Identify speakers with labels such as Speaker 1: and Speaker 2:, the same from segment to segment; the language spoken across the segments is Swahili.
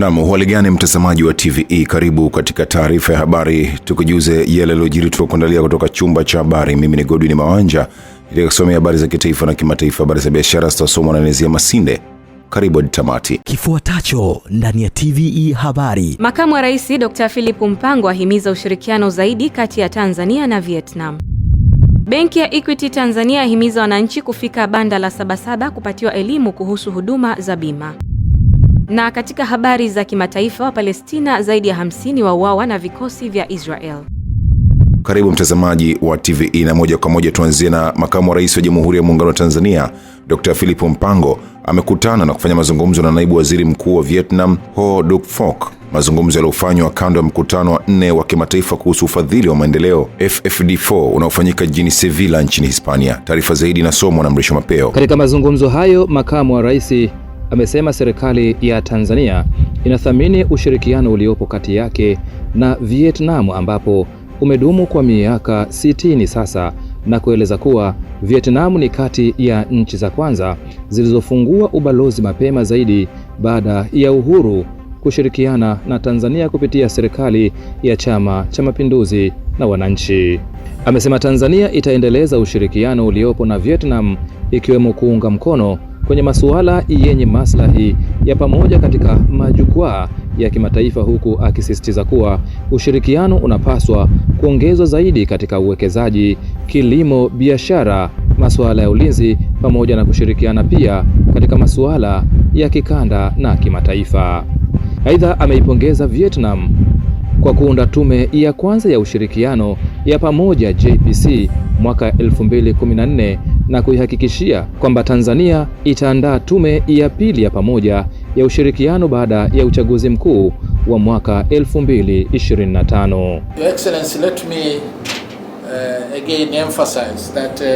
Speaker 1: Nam gani mtazamaji wa TVE, karibu katika taarifa ya habari, tukujuze yale yaliyojiri. Tunakuandalia kutoka chumba cha habari. Mimi ni Godwin Mawanja iliyokusomea habari za kitaifa na kimataifa, habari za biashara zitasomwa na Nezia Masinde. Karibu hadi tamati.
Speaker 2: Kifuatacho ndani ya TVE habari.
Speaker 3: Makamu wa Rais Dr. Philip Mpango ahimiza ushirikiano zaidi kati ya Tanzania na Vietnam. Benki ya Equity Tanzania ahimiza wananchi kufika banda la Sabasaba kupatiwa elimu kuhusu huduma za bima. Na katika habari za kimataifa, Wapalestina zaidi ya 50 wauawa na vikosi vya Israel.
Speaker 1: Karibu mtazamaji wa TVE na moja kwa moja tuanzie na makamu wa rais wa Jamhuri ya Muungano wa Tanzania Dr. Philip Mpango amekutana na kufanya mazungumzo na naibu waziri mkuu wa Vietnam Ho Duc fok mazungumzo yaliyofanywa kando ya mkutano wa nne wa kimataifa kuhusu ufadhili wa maendeleo FFD4 unaofanyika jijini Sevilla nchini Hispania. Taarifa zaidi inasomwa na Mrisho Mapeo.
Speaker 4: Katika mazungumzo hayo makamu wa rais amesema serikali ya Tanzania inathamini ushirikiano uliopo kati yake na Vietnam ambapo umedumu kwa miaka 60 sasa na kueleza kuwa Vietnam ni kati ya nchi za kwanza zilizofungua ubalozi mapema zaidi baada ya uhuru kushirikiana na Tanzania kupitia serikali ya Chama cha Mapinduzi na Wananchi. Amesema Tanzania itaendeleza ushirikiano uliopo na Vietnam ikiwemo kuunga mkono kwenye masuala yenye maslahi ya pamoja katika majukwaa ya kimataifa huku akisisitiza kuwa ushirikiano unapaswa kuongezwa zaidi katika uwekezaji, kilimo, biashara, masuala ya ulinzi pamoja na kushirikiana pia katika masuala ya kikanda na kimataifa. Aidha, ameipongeza Vietnam kwa kuunda tume ya kwanza ya ushirikiano ya pamoja JPC mwaka 2014 na kuihakikishia kwamba Tanzania itaandaa tume ya pili ya pamoja ya ushirikiano baada ya uchaguzi mkuu wa mwaka 2025.
Speaker 1: Your Excellency, let
Speaker 5: me uh, again emphasize that uh,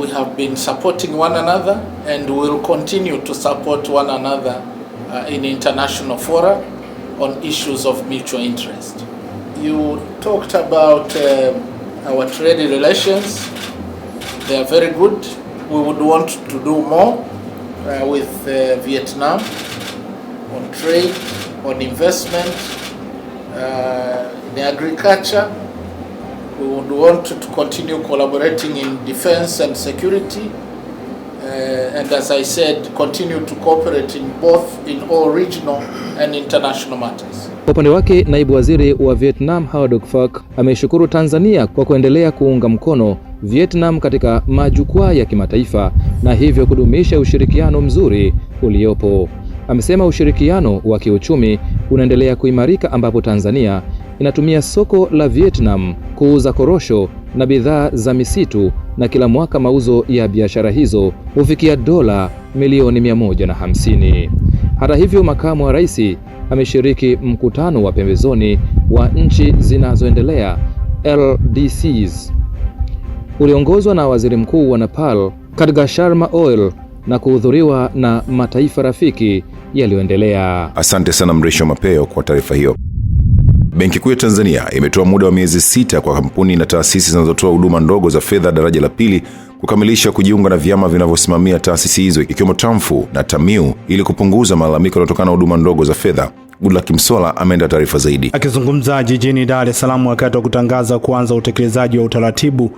Speaker 5: we have been supporting one another and will continue to support one another uh, in international fora on issues of mutual interest. You talked about uh, our trade relations They are very good. We would want to do more uh, with uh, Vietnam on trade, on investment, uh, in agriculture. We would want to continue collaborating in defense and security. Uh, and as I said, continue to cooperate in both in all regional and international matters.
Speaker 4: Kwa upande wake, naibu waziri wa Vietnam Howard Ufak ameishukuru Tanzania kwa kuendelea kuunga mkono Vietnam katika majukwaa ya kimataifa na hivyo kudumisha ushirikiano mzuri uliopo. Amesema ushirikiano wa kiuchumi unaendelea kuimarika ambapo Tanzania inatumia soko la Vietnam kuuza korosho na bidhaa za misitu na kila mwaka mauzo ya biashara hizo hufikia dola milioni 150. Hata hivyo, makamu wa rais ameshiriki mkutano wa pembezoni wa nchi zinazoendelea LDCs uliongozwa na waziri mkuu wa Nepal Kadga Sharma Oil na kuhudhuriwa na mataifa rafiki yaliyoendelea.
Speaker 1: Asante sana Mrisho Mapeo kwa taarifa hiyo. Benki Kuu ya Tanzania imetoa muda wa miezi sita kwa kampuni na taasisi zinazotoa huduma ndogo za fedha daraja la pili kukamilisha kujiunga na vyama vinavyosimamia taasisi hizo ikiwemo TAMFU na TAMIU ili kupunguza malalamiko yanayotokana na huduma ndogo za fedha. Goodluck Msola ameenda taarifa zaidi.
Speaker 5: Akizungumza jijini Dar es Salaam wakati wa kutangaza kuanza utekelezaji wa utaratibu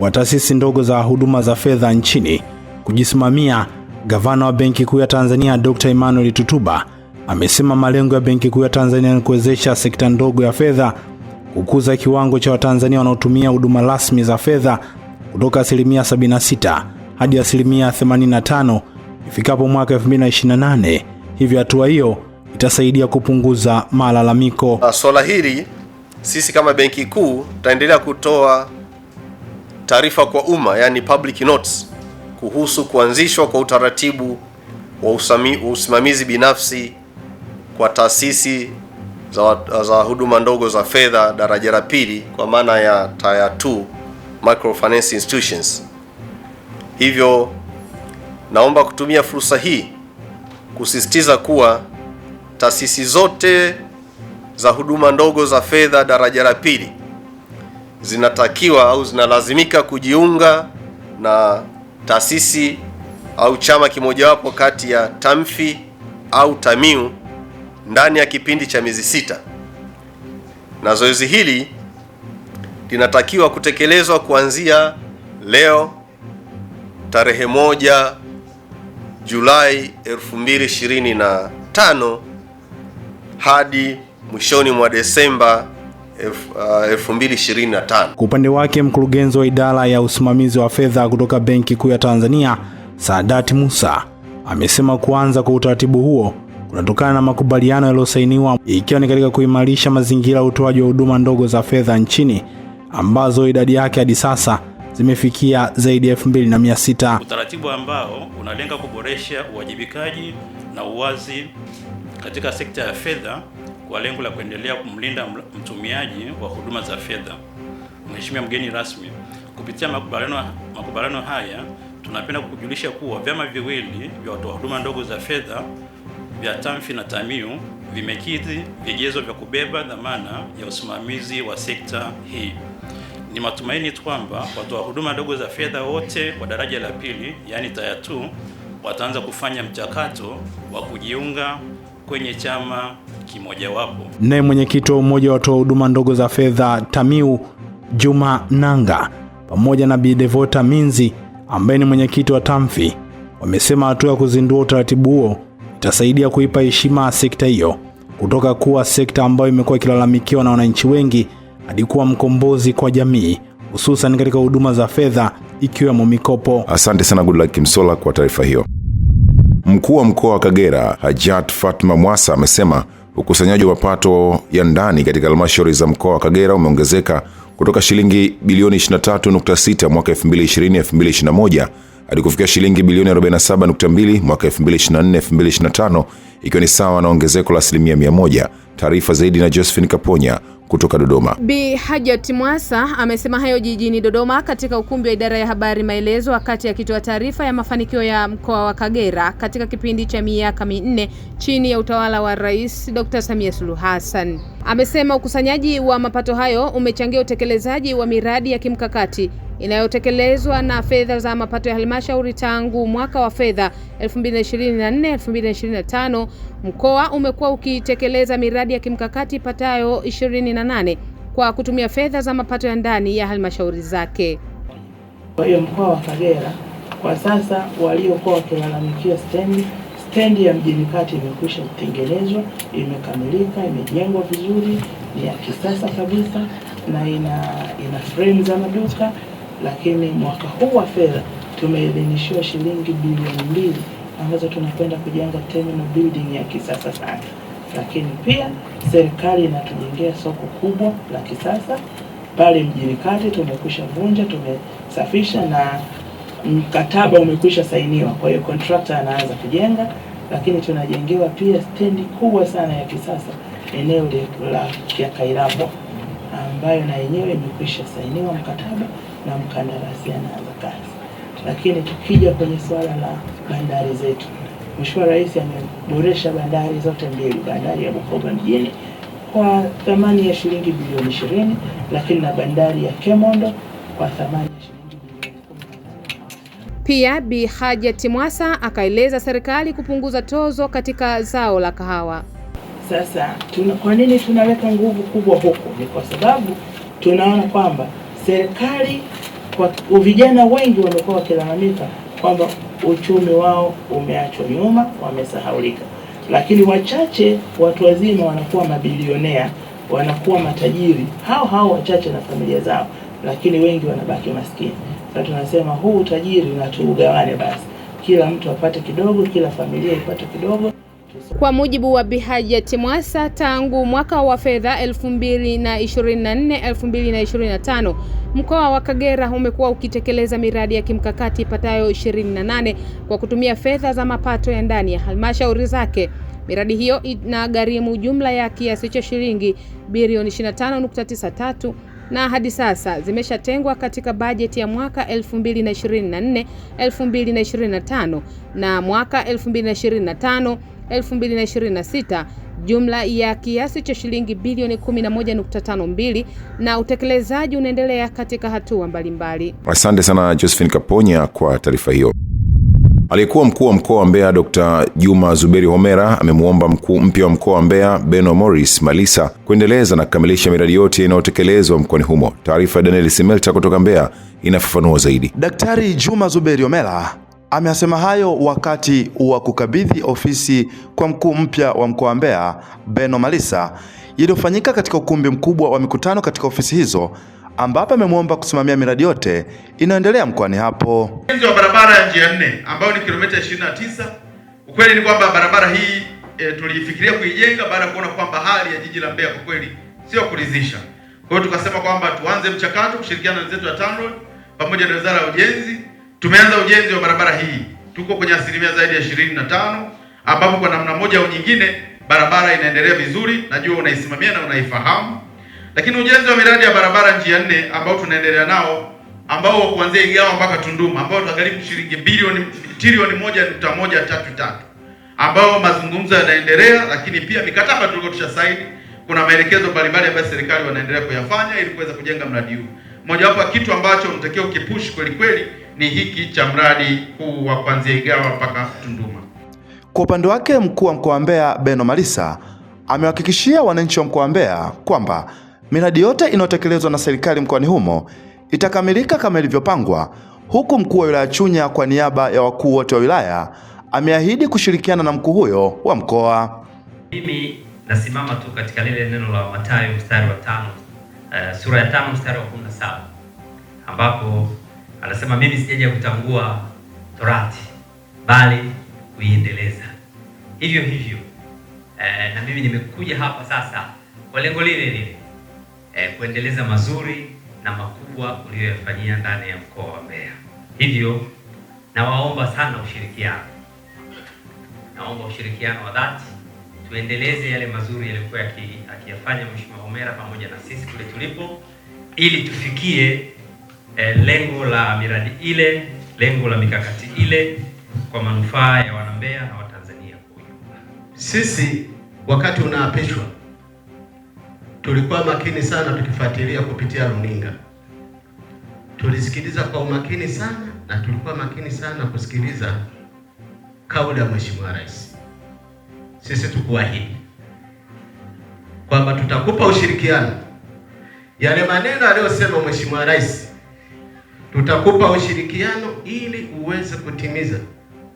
Speaker 5: wa taasisi ndogo za huduma za fedha nchini kujisimamia, gavana wa Benki Kuu ya Tanzania Dr. Emmanuel Tutuba amesema malengo ya Benki Kuu ya Tanzania ni kuwezesha sekta ndogo ya fedha, kukuza kiwango cha Watanzania wanaotumia huduma rasmi za fedha kutoka asilimia 76 hadi asilimia 85 ifikapo mwaka 2028. Hivyo hatua hiyo itasaidia kupunguza malalamiko.
Speaker 6: Ah, swala hili sisi kama Benki Kuu tutaendelea kutoa taarifa kwa umma, yani public notes, kuhusu kuanzishwa kwa utaratibu wa usami, usimamizi binafsi kwa taasisi za, za huduma ndogo za fedha daraja la pili kwa maana ya Tier 2 microfinance institutions. Hivyo naomba kutumia fursa hii kusisitiza kuwa taasisi zote za huduma ndogo za fedha daraja la pili zinatakiwa au zinalazimika kujiunga na taasisi au chama kimojawapo kati ya TAMFI au TAMIU ndani ya kipindi cha miezi sita, na zoezi hili linatakiwa kutekelezwa kuanzia leo tarehe moja Julai 2025 hadi mwishoni mwa Desemba 2025. Uh,
Speaker 5: kwa upande wake mkurugenzi wa idara ya usimamizi wa fedha kutoka Benki Kuu ya Tanzania, Saadati Musa, amesema kuanza kwa utaratibu huo kunatokana na makubaliano yaliyosainiwa ikiwa ni katika kuimarisha mazingira ya utoaji wa huduma ndogo za fedha nchini ambazo idadi yake hadi sasa zimefikia zaidi ya 2600. Utaratibu ambao unalenga kuboresha uwajibikaji na uwazi katika sekta ya fedha kwa lengo la kuendelea kumlinda mtumiaji wa huduma za fedha. Mheshimiwa mgeni rasmi, kupitia makubaliano makubaliano haya tunapenda kukujulisha kuwa vyama viwili vya watoa huduma ndogo za fedha vya TAMFI na TAMIU vimekidhi vigezo vya kubeba dhamana ya usimamizi wa sekta hii. Ni matumaini kwamba watoa huduma ndogo za fedha wote wa daraja la pili, yaani taya 2 wataanza kufanya mchakato wa kujiunga kwenye chama kimojawapo. Naye mwenyekiti wa umoja wa watoa huduma ndogo za fedha TAMIU Juma Nanga pamoja na Bi Devota Minzi ambaye ni mwenyekiti wa TAMFI wamesema hatua ya kuzindua utaratibu huo itasaidia kuipa heshima sekta hiyo kutoka kuwa sekta ambayo imekuwa ikilalamikiwa na wananchi wengi alikuwa mkombozi kwa jamii hususan katika huduma za fedha ikiwemo mikopo.
Speaker 1: Asante sana Goodluck Kimsola kwa taarifa hiyo. Mkuu wa mkoa wa Kagera Hajat Fatma Mwasa amesema ukusanyaji wa mapato ya ndani katika halmashauri za mkoa wa Kagera umeongezeka kutoka shilingi bilioni 23.6 mwaka 2020-2021 hadi kufikia shilingi bilioni 47.2 mwaka 2024-2025 ikiwa ni sawa na ongezeko la asilimia 100. Taarifa zaidi na Josephine Kaponya, kutoka Dodoma.
Speaker 3: Bi Hajat Mwasa amesema hayo jijini Dodoma katika ukumbi wa idara ya habari Maelezo wakati akitoa taarifa ya mafanikio ya mkoa wa Kagera katika kipindi cha miaka minne chini ya utawala wa Rais Dr. Samia Suluhu Hassan. Amesema ukusanyaji wa mapato hayo umechangia utekelezaji wa miradi ya kimkakati inayotekelezwa na fedha za mapato ya halmashauri tangu mwaka wa fedha 2024-2025, mkoa umekuwa ukitekeleza miradi ya kimkakati ipatayo 28 kwa kutumia fedha za mapato ya ndani ya halmashauri zake.
Speaker 2: Kwa hiyo mkoa wa Kagera kwa sasa waliokuwa wakilalamikia stendi stendi ya mjini kati imekwisha kutengenezwa, imekamilika, imejengwa vizuri, ni ya kisasa kabisa na ina, ina frame za maduka lakini mwaka huu wa fedha tumeidhinishiwa shilingi bilioni mbili ambazo tunakwenda kujenga terminal building ya kisasa sana, lakini pia serikali inatujengea soko kubwa la kisasa pale mjini kati. Tumekwisha vunja, tumesafisha na mkataba umekwisha sainiwa, kwa hiyo contractor anaanza kujenga, lakini tunajengewa pia stendi kubwa sana ya kisasa eneo la Kairabwa ambayo na yenyewe imekwisha sainiwa mkataba na mkandarasi anaanza kazi. Lakini tukija kwenye suala la bandari zetu, Mheshimiwa Rais ameboresha bandari zote mbili, bandari ya Bukoba mjini kwa thamani ya shilingi bilioni ishirini, lakini na bandari ya Kemondo kwa thamani ya shilingi bilioni
Speaker 3: Pia Bi Hajati Mwasa akaeleza serikali kupunguza tozo katika zao la kahawa.
Speaker 2: Sasa tuna, kwa nini tunaweka nguvu kubwa huko? Ni kwa sababu tunaona kwamba serikali kwa vijana wengi wamekuwa wakilalamika kwamba uchumi wao umeachwa nyuma, wamesahaulika, lakini wachache watu wazima wanakuwa mabilionea, wanakuwa matajiri, hao hao wachache na familia zao, lakini wengi wanabaki maskini. Sasa tunasema huu utajiri na tuugawane basi, kila mtu apate kidogo, kila familia ipate kidogo.
Speaker 3: Kwa mujibu wa Bihajati Mwasa, tangu mwaka wa fedha 2024 2025 mkoa wa Kagera umekuwa ukitekeleza miradi ya kimkakati ipatayo 28 kwa kutumia fedha za mapato ya ndani ya halmashauri zake. Miradi hiyo inagharimu jumla ya kiasi cha shilingi bilioni 25.93 na hadi sasa zimeshatengwa katika bajeti ya mwaka 2024 2025 na mwaka 2025 2026 jumla ya kiasi cha shilingi bilioni 11.52 na utekelezaji unaendelea katika hatua mbalimbali.
Speaker 1: Asante sana Josephine Kaponya kwa taarifa hiyo. Aliyekuwa mkuu wa mkoa wa Mbeya Dr. Juma Zuberi Homera amemwomba mkuu mpya wa mkoa wa Mbeya Beno Morris Malisa kuendeleza na kukamilisha miradi yote inayotekelezwa mkoani humo. Taarifa ya Daniel Simelta kutoka Mbeya inafafanua zaidi. Daktari Juma Zuberi Homera
Speaker 7: Amesema hayo wakati wa kukabidhi ofisi kwa mkuu mpya wa mkoa wa Mbeya Beno Malisa iliyofanyika katika ukumbi mkubwa wa mikutano katika ofisi hizo, ambapo amemwomba kusimamia miradi yote inayoendelea mkoani hapo.
Speaker 6: Ujenzi wa barabara ya
Speaker 7: njia nne ambayo ni kilomita 29. Ukweli ni kwamba barabara hii e, tulifikiria kuijenga baada ya kuona kwamba hali ya jiji la Mbeya kwa kweli sio kuridhisha. Kwa hiyo tukasema kwamba tuanze mchakato kushirikiana na wenzetu wa TANROADS pamoja na Wizara ya Ujenzi Tumeanza ujenzi wa barabara hii, tuko kwenye asilimia zaidi ya ishirini na tano ambapo kwa namna moja au nyingine barabara inaendelea vizuri. Najua unaisimamia na unaifahamu, lakini ujenzi wa miradi ya barabara njia nne ambao tunaendelea nao ambao kuanzia Igawa mpaka Tunduma ambao tunagharimu shilingi bilioni trilioni moja nukta moja tatu tatu ambao mazungumzo yanaendelea, lakini pia mikataba tulikuwa tushasaini. Kuna maelekezo mbalimbali ambayo serikali wanaendelea kuyafanya ili kuweza kujenga mradi huu. Mojawapo ya kitu ambacho unatakiwa ukipush kweli kweli ni hiki cha mradi huu wa kuanzia Igawa mpaka Tunduma. Kwa upande wake, mkuu wa mkoa wa Mbeya Beno Malisa amewahakikishia wananchi wa mkoa wa Mbeya kwamba miradi yote inayotekelezwa na serikali mkoani humo itakamilika kama ilivyopangwa, huku mkuu wa wilaya Chunya kwa niaba ya wakuu wote wa wilaya ameahidi kushirikiana na mkuu huyo wa mkoa.
Speaker 2: Mimi nasimama tu katika lile neno la Mathayo mstari wa tano, uh, sura ya tano mstari wa 17 ambapo anasema mimi sijaja kutangua torati bali kuiendeleza. Hivyo hivyo e, na mimi nimekuja hapa sasa kwa lengo lile lile e, kuendeleza mazuri na makubwa uliyoyafanyia ndani ya mkoa wa Mbeya. Hivyo nawaomba sana ushirikiano, naomba ushirikiano wa dhati tuendeleze yale mazuri yaliyokuwa akiyafanya Mheshimiwa Homera pamoja na sisi kule tulipo, ili tufikie eh, lengo la miradi ile, lengo la mikakati
Speaker 6: ile kwa manufaa ya wanambea
Speaker 2: na Watanzania kwa
Speaker 6: ujumla. Sisi wakati unaapishwa tulikuwa makini sana tukifuatilia kupitia runinga, tulisikiliza kwa umakini sana na tulikuwa makini sana kusikiliza kauli ya Mheshimiwa Rais. Sisi tukuahidi kwamba tutakupa ushirikiano. Yale maneno aliyosema Mheshimiwa Rais Tutakupa ushirikiano ili uweze kutimiza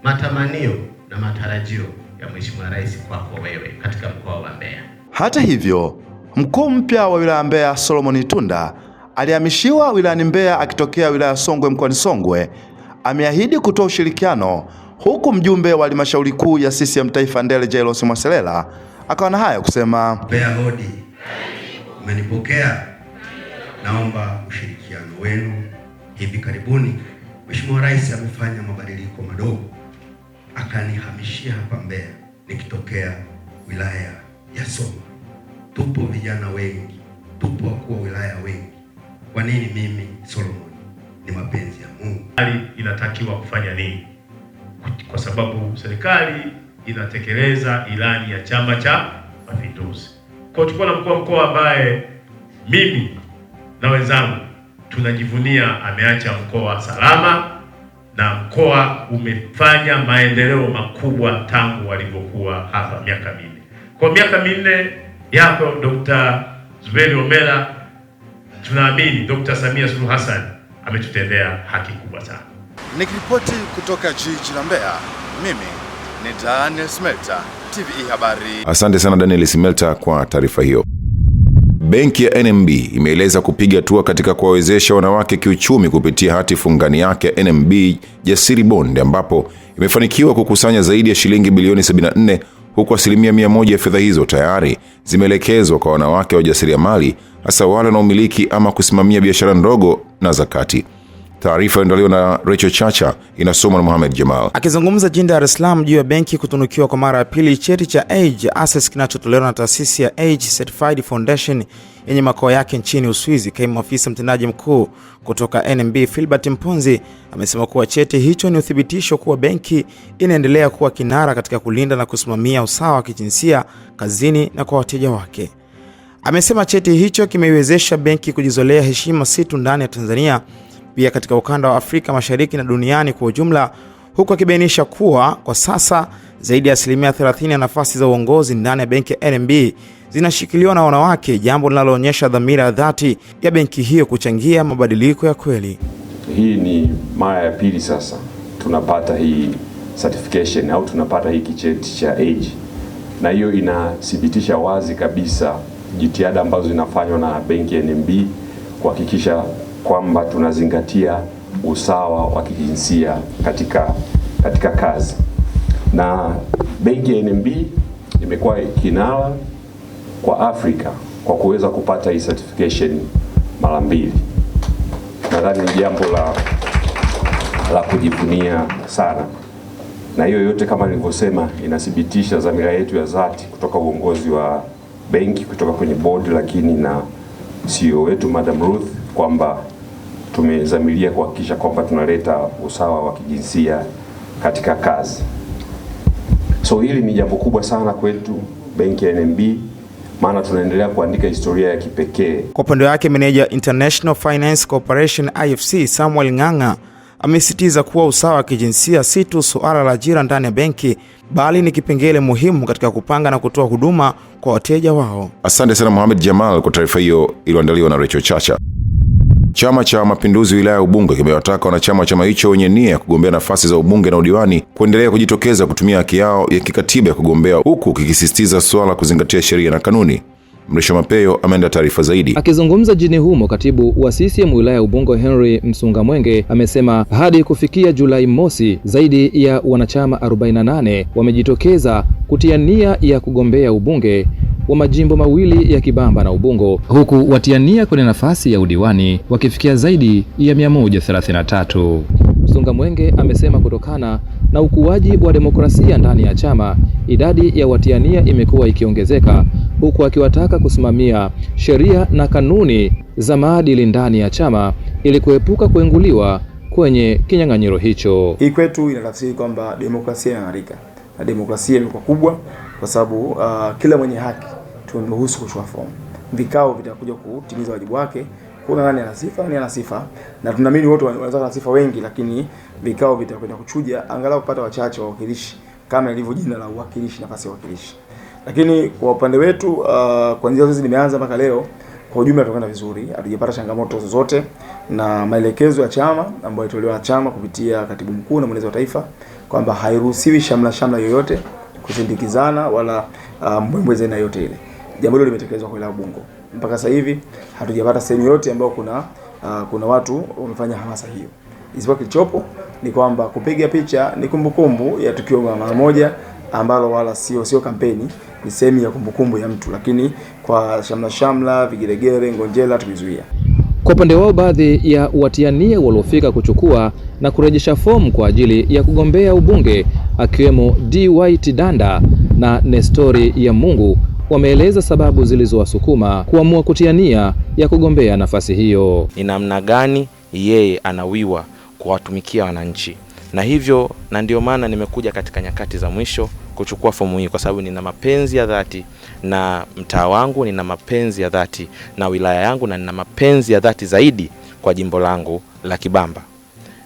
Speaker 6: matamanio
Speaker 8: na matarajio ya Mheshimiwa Rais kwako wewe
Speaker 2: katika mkoa wa Mbeya.
Speaker 7: Hata hivyo, mkuu mpya wa wilaya Mbeya Solomon Itunda alihamishiwa wilayani Mbeya akitokea wilaya Songwe mkoani Songwe ameahidi kutoa ushirikiano huku mjumbe wa halmashauri kuu ya CCM Taifa Ndele Jailos Mwaselela akawa na haya kusema: Mbeya hodi, umenipokea, naomba ushirikiano wenu hivi karibuni Mheshimiwa Rais amefanya mabadiliko madogo, akanihamishia hapa Mbeya nikitokea wilaya ya Soma. Tupo vijana wengi, tupo wakuu wa wilaya wengi. Kwa nini mimi Solomon? Ni mapenzi ya Mungu. Serikali inatakiwa kufanya
Speaker 5: nini? Kwa sababu serikali inatekeleza ilani ya Chama cha Mapinduzi. Kwa hiyo na mkuu wa mkoa ambaye mimi na wenzangu tunajivunia ameacha mkoa salama na mkoa umefanya maendeleo makubwa tangu walivyokuwa hapa miaka minne. Kwa miaka minne yako Dr. Zuberi Homera, tunaamini Dr. Samia Suluhu Hassan ametutendea haki kubwa sana.
Speaker 7: Nikiripoti kutoka jiji la Mbeya, mimi ni Daniel Smelta, TVE Habari. Asante
Speaker 1: sana Daniel Smelta kwa taarifa hiyo. Benki ya NMB imeeleza kupiga hatua katika kuwawezesha wanawake kiuchumi kupitia hati fungani yake ya NMB Jasiri Bond ambapo imefanikiwa kukusanya zaidi ya shilingi bilioni 74 huku asilimia 1 moja ya fedha hizo tayari zimeelekezwa kwa wanawake wajasiriamali hasa wale wanaomiliki ama kusimamia biashara ndogo na zakati. Taarifa iandaliwa na Rachel Chacha, inasoma na Mohamed Jamal.
Speaker 8: Akizungumza jijini Dar es Salaam juu ya benki kutunukiwa kwa mara ya pili cheti cha Age Access kinachotolewa na taasisi ya Age Certified Foundation yenye makao yake nchini Uswizi, kaimu afisa mtendaji mkuu kutoka NMB Philbert Mponzi amesema kuwa cheti hicho ni uthibitisho kuwa benki inaendelea kuwa kinara katika kulinda na kusimamia usawa wa kijinsia kazini na kwa wateja wake. Amesema cheti hicho kimeiwezesha benki kujizolea heshima si tu ndani ya Tanzania pia katika ukanda wa Afrika Mashariki na duniani kwa ujumla, huku akibainisha kuwa kwa sasa zaidi ya asilimia 30 ya nafasi za uongozi ndani ya benki ya NMB zinashikiliwa na wanawake, jambo linaloonyesha dhamira ya dhati ya benki hiyo kuchangia mabadiliko ya kweli.
Speaker 9: Hii ni mara ya pili sasa tunapata hii certification au tunapata hii kicheti cha age, na hiyo inathibitisha wazi kabisa jitihada ambazo zinafanywa na benki NMB kuhakikisha kwamba tunazingatia usawa wa kijinsia katika, katika kazi na benki ya NMB imekuwa kinara kwa Afrika kwa kuweza kupata hii certification mara mbili. Nadhani ni jambo la, la kujivunia sana, na hiyo yote kama nilivyosema, inathibitisha dhamira yetu ya dhati kutoka uongozi wa benki, kutoka kwenye board, lakini na CEO wetu Madam Ruth kwamba tumezamilia kuhakikisha kwamba tunaleta usawa wa kijinsia katika kazi. So hili ni jambo kubwa sana kwetu benki ya NMB maana tunaendelea kuandika historia ya kipekee.
Speaker 8: Kwa upande wake, meneja International Finance Corporation IFC Samuel Ng'ang'a amesisitiza kuwa usawa wa kijinsia si tu suala la ajira ndani ya benki bali ni kipengele muhimu katika kupanga na kutoa huduma kwa wateja wao.
Speaker 1: Asante sana Mohamed Jamal kwa taarifa hiyo iliyoandaliwa na Rachel Chacha. Chama cha Mapinduzi wilaya ya Ubungo kimewataka wanachama wa chama hicho wenye nia ya kugombea nafasi za ubunge na udiwani kuendelea kujitokeza kutumia haki yao ya kikatiba ya kugombea huku kikisisitiza suala kuzingatia sheria na kanuni. Mrisho Mapeyo ameenda taarifa zaidi.
Speaker 4: Akizungumza jijini humo, katibu wa CCM wilaya ya Ubungo Henry Msungamwenge amesema hadi kufikia Julai mosi, zaidi ya wanachama 48 wamejitokeza kutia nia ya kugombea ubunge wa majimbo mawili ya Kibamba na Ubungo, huku watiania kwenye nafasi ya udiwani wakifikia zaidi ya 133. Msunga Mwenge amesema kutokana na ukuaji wa demokrasia ndani ya chama, idadi ya watiania imekuwa ikiongezeka, huku akiwataka kusimamia sheria na kanuni za maadili ndani ya chama ili kuepuka kuenguliwa kwenye kinyang'anyiro hicho. Hii kwetu
Speaker 10: inatafsiri kwamba demokrasia inang'arika na demokrasia imekuwa kubwa kwa sababu uh, kila mwenye haki tumemruhusu kuchukua fomu. Vikao vitakuja kutimiza wajibu wake, kuna nani ana sifa, nani ana sifa, na tunaamini wote wanaweza na sifa wengi, lakini vikao vitakwenda kuchuja angalau kupata wachache wa wakilishi kama ilivyo jina la uwakilishi, nafasi ya uwakilishi. Lakini kwa upande wetu uh, kuanzia zoezi limeanza mpaka leo kwa ujumla tunakwenda vizuri, hatujapata changamoto zozote, na maelekezo ya chama ambayo yalitolewa na chama kupitia katibu mkuu na mwenezi wa taifa kwamba hairuhusiwi shamla shamla yoyote kusindikizana wala uh, mbwembwe yote ile jambo hilo limetekelezwa kwa wilaya Ubungo. Mpaka sasa hivi hatujapata sehemu yote ambayo kuna uh, kuna watu wamefanya hamasa hiyo, isipokuwa kilichopo ni kwamba kupiga picha ni kumbukumbu ya tukio la mara moja ambalo wala sio sio kampeni, ni sehemu ya kumbukumbu ya mtu, lakini kwa shamla shamla, vigelegele, ngonjela tumezuia.
Speaker 4: Kwa upande wao, baadhi ya watiania waliofika kuchukua na kurejesha fomu kwa ajili ya kugombea ubunge akiwemo DY Tidanda na Nestori ya Mungu wameeleza sababu zilizowasukuma kuamua kutia nia ya kugombea nafasi hiyo. Ni namna gani yeye anawiwa kuwatumikia wananchi, na hivyo
Speaker 8: na ndio maana nimekuja katika nyakati za mwisho kuchukua fomu hii kwa sababu nina mapenzi ya dhati na mtaa wangu, nina mapenzi ya dhati na wilaya yangu, na nina mapenzi ya dhati zaidi kwa jimbo langu la Kibamba.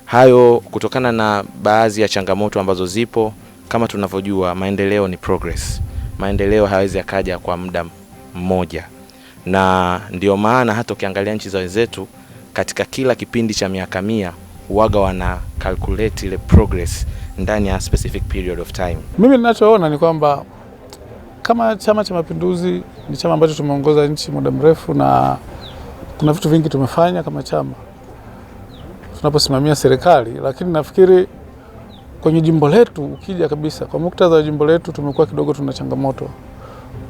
Speaker 8: Hayo kutokana na baadhi ya changamoto ambazo zipo. Kama tunavyojua, maendeleo ni progress maendeleo hayawezi yakaja kwa muda mmoja, na ndio maana hata ukiangalia nchi za wenzetu katika kila kipindi cha miaka mia waga wana calculate ile progress ndani ya specific period of time.
Speaker 10: Mimi ninachoona ni kwamba kama Chama cha Mapinduzi ni chama ambacho tumeongoza nchi muda mrefu, na kuna vitu vingi tumefanya kama chama tunaposimamia serikali, lakini nafikiri Kwenye jimbo letu ukija kabisa kwa muktadha wa jimbo letu, tumekuwa kidogo tuna changamoto.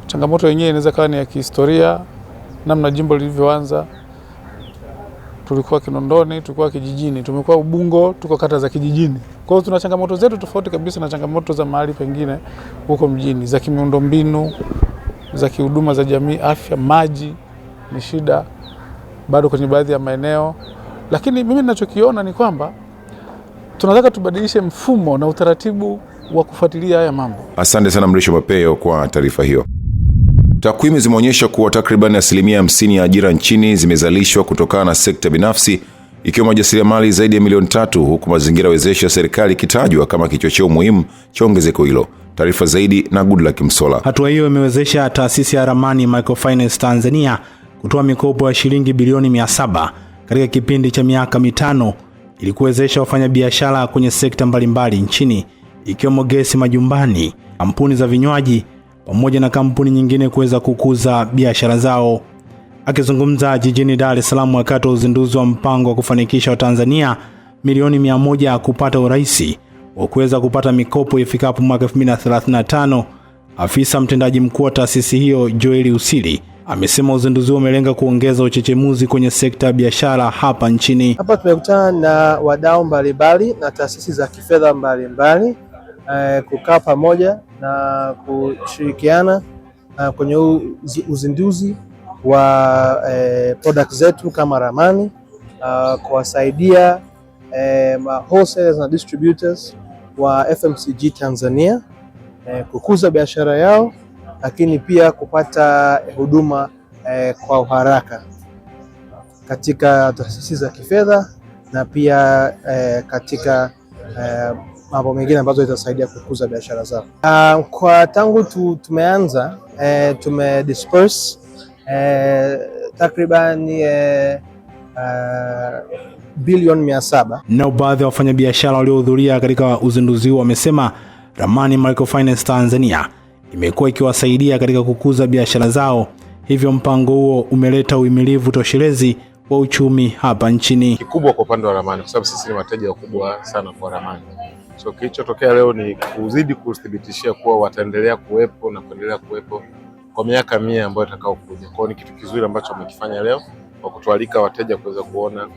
Speaker 10: Changamoto yenyewe inaweza kawa ni ya kihistoria, namna jimbo lilivyoanza. Tulikuwa Kinondoni, tulikuwa kijijini, tumekuwa Ubungo, tuko kata za kijijini. Kwa hiyo tuna changamoto zetu tofauti kabisa na changamoto za mahali pengine huko mjini, za kimiundombinu, za kihuduma za jamii, afya, maji ni shida bado kwenye baadhi ya maeneo, lakini mimi ninachokiona ni kwamba tunataka tubadilishe mfumo na utaratibu wa kufuatilia haya mambo.
Speaker 1: Asante sana Mrisho Mapeo kwa taarifa hiyo. Takwimu zimeonyesha kuwa takriban asilimia 50 ya ajira nchini zimezalishwa kutokana na sekta binafsi ikiwemo mali zaidi ya milioni tatu, huku mazingira wezeshi ya serikali ikitajwa kama kichocheo muhimu cha ongezeko hilo. Taarifa zaidi na Goodluck Msola. Hatua hiyo imewezesha
Speaker 5: taasisi ya Ramani Microfinance Tanzania kutoa mikopo ya shilingi bilioni 700 katika kipindi cha miaka mitano ili kuwezesha wafanyabiashara kwenye sekta mbalimbali nchini ikiwemo gesi majumbani, kampuni za vinywaji pamoja na kampuni nyingine kuweza kukuza biashara zao. Akizungumza jijini Dar es Salaam wakati wa uzinduzi wa mpango wa kufanikisha Watanzania milioni mia moja kupata urais wa kuweza kupata mikopo ifikapo mwaka 2035, afisa mtendaji mkuu wa taasisi hiyo Joeli Usili amesema uzinduzi huo umelenga kuongeza uchechemuzi kwenye sekta ya biashara hapa nchini. Hapa tumekutana na wadau mbalimbali na taasisi za kifedha mbalimbali eh, kukaa pamoja na kushirikiana eh, kwenye uzinduzi wa eh, product zetu kama ramani eh, kuwasaidia eh, wholesalers na distributors wa FMCG Tanzania eh, kukuza biashara yao lakini pia kupata eh, huduma eh, kwa uharaka katika taasisi za kifedha na pia eh, katika eh, mambo mengine ambazo itasaidia kukuza biashara zao. Uh, kwa tangu tu, tumeanza eh, tume disperse eh, takriban eh, uh, ah, bilioni mia saba. Na baadhi ya wafanyabiashara waliohudhuria katika uzinduzi huo wamesema Ramani Microfinance Tanzania imekuwa ikiwasaidia katika kukuza biashara zao. Hivyo mpango huo umeleta uhimilivu toshelezi wa uchumi hapa nchini,
Speaker 1: kikubwa kwa upande wa ramani, kwa sababu sisi ni wateja wakubwa sana kwa ramani. So kilichotokea leo ni kuzidi kuthibitishia kuwa wataendelea kuwepo na
Speaker 6: kuendelea kuwepo
Speaker 1: kwa miaka mia ambayo itakaokuja. Kwao ni kitu kizuri ambacho wamekifanya leo kwa kutualika wateja kuweza kuona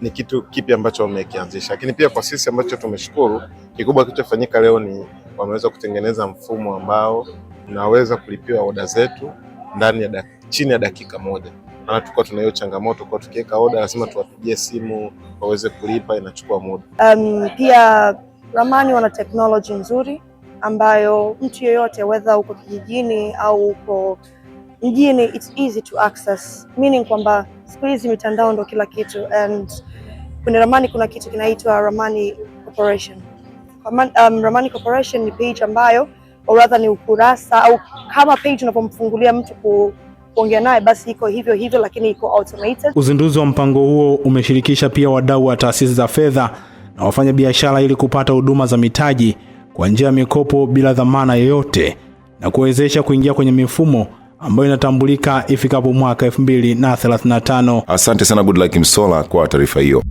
Speaker 1: ni kitu kipi ambacho wamekianzisha, lakini pia kwa sisi ambacho tumeshukuru, kikubwa kilichofanyika leo ni wameweza kutengeneza mfumo ambao tunaweza kulipiwa oda zetu ndani ya chini ya dakika moja. Maana tulikuwa tuna hiyo changamoto kwa tukiweka oda lazima tuwapigie simu waweze kulipa, inachukua muda. Um, pia Ramani wana teknoloji nzuri ambayo mtu yeyote whether uko kijijini au uko mjini it's easy to access, meaning kwamba siku hizi mitandao ndo kila kitu, and kwenye Ramani kuna kitu kinaitwa Ramani Corporation Um, Ramani Corporation ni page ambayo au rather ni ukurasa au kama page unapomfungulia mtu ku kuongea naye basi iko hivyo hivyo, lakini iko automated. Uzinduzi
Speaker 5: wa mpango huo umeshirikisha pia wadau wa taasisi za fedha na wafanya biashara ili kupata huduma za mitaji kwa njia ya mikopo bila dhamana yoyote na kuwezesha kuingia kwenye mifumo ambayo inatambulika ifikapo mwaka 2035.
Speaker 1: Asante sana Good Luck Msola kwa taarifa hiyo.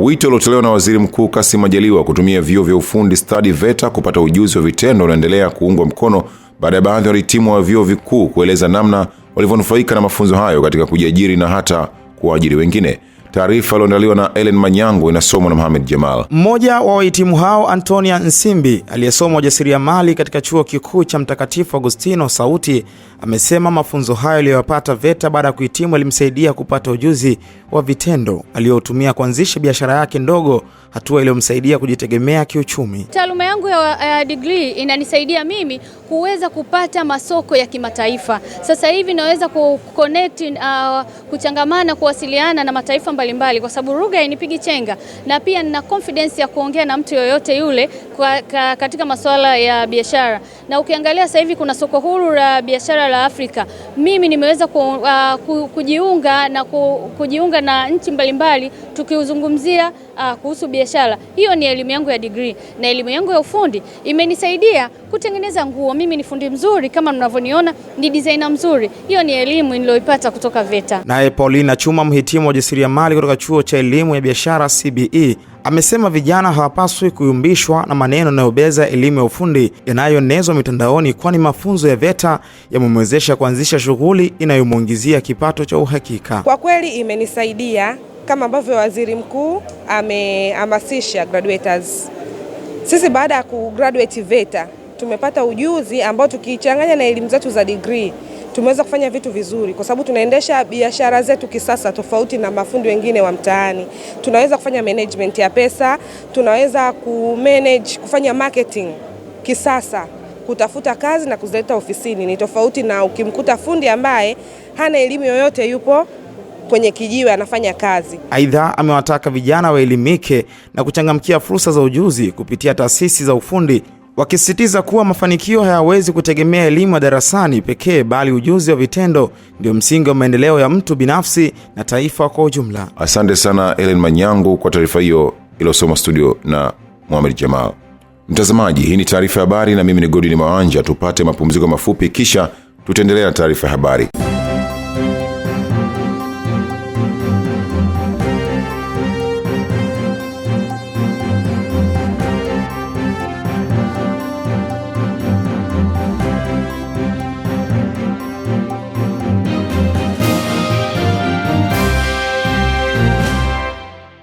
Speaker 1: Wito uliotolewa na Waziri Mkuu Kassim Majaliwa kutumia vyuo vya ufundi stadi VETA kupata ujuzi wa vitendo unaendelea kuungwa mkono baada ya baadhi ya wahitimu wa vyuo vikuu kueleza namna walivyonufaika na mafunzo hayo katika kujiajiri na hata kuwaajiri wengine. Taarifa iliyoandaliwa na Ellen Manyango inasomwa na Mohamed Jamal.
Speaker 8: Mmoja wa wahitimu hao Antonia Nsimbi aliyesoma ujasiriamali katika chuo kikuu cha Mtakatifu Agustino Sauti amesema mafunzo hayo aliyoyapata VETA baada ya kuhitimu yalimsaidia kupata ujuzi wa vitendo aliyotumia kuanzisha biashara yake ndogo, hatua iliyomsaidia kujitegemea kiuchumi.
Speaker 3: Taaluma yangu ya degree inanisaidia mimi kuweza kupata masoko ya kimataifa. Sasa hivi naweza kuconnect, uh, kuchangamana, kuwasiliana na mataifa mbalimbali, kwa sababu lugha inipigi chenga na pia nina confidence ya kuongea na mtu yoyote yule kwa, ka, katika masuala ya biashara. Na ukiangalia sasa hivi kuna soko huru la biashara la Afrika, mimi nimeweza ku, uh, ku, kujiunga na ku, kujiunga na nchi mbalimbali tukiuzungumzia uh, kuhusu biashara, hiyo ni elimu yangu ya degree na elimu yangu ya ufundi imenisaidia kutengeneza nguo. Mimi ni fundi mzuri kama mnavyoniona, ni designer mzuri. Hiyo ni elimu niliyoipata kutoka VETA.
Speaker 8: Naye Paulina Chuma, mhitimu wa ujasiriamali kutoka chuo cha elimu ya biashara CBE, amesema vijana hawapaswi kuyumbishwa na maneno yanayobeza elimu ya ufundi yanayoenezwa mitandaoni, kwani mafunzo ya VETA yamemwezesha kuanzisha shughuli inayomwingizia kipato cha uhakika. Kwa
Speaker 3: kweli imenisaidia kama ambavyo waziri mkuu amehamasisha graduates. Sisi baada ya kugraduate VETA tumepata ujuzi ambao tukichanganya na elimu zetu za degree tumeweza kufanya vitu vizuri kwa sababu tunaendesha biashara zetu kisasa, tofauti na mafundi wengine wa mtaani. Tunaweza kufanya management ya pesa, tunaweza kumanage kufanya marketing kisasa, kutafuta kazi na kuzileta ofisini. Ni tofauti na ukimkuta fundi ambaye hana elimu yoyote, yupo kwenye kijiwe anafanya kazi.
Speaker 8: Aidha, amewataka vijana waelimike na kuchangamkia fursa za ujuzi kupitia taasisi za ufundi, wakisisitiza kuwa mafanikio hayawezi kutegemea elimu ya darasani pekee, bali ujuzi wa vitendo ndio msingi wa maendeleo ya mtu binafsi na taifa kwa ujumla.
Speaker 1: Asante sana Ellen Manyangu kwa taarifa hiyo iliyosoma studio na muhamed Jamal. Mtazamaji, hii ni taarifa ya habari na mimi ni Godini Mawanja. Tupate mapumziko mafupi, kisha tutaendelea na taarifa ya habari.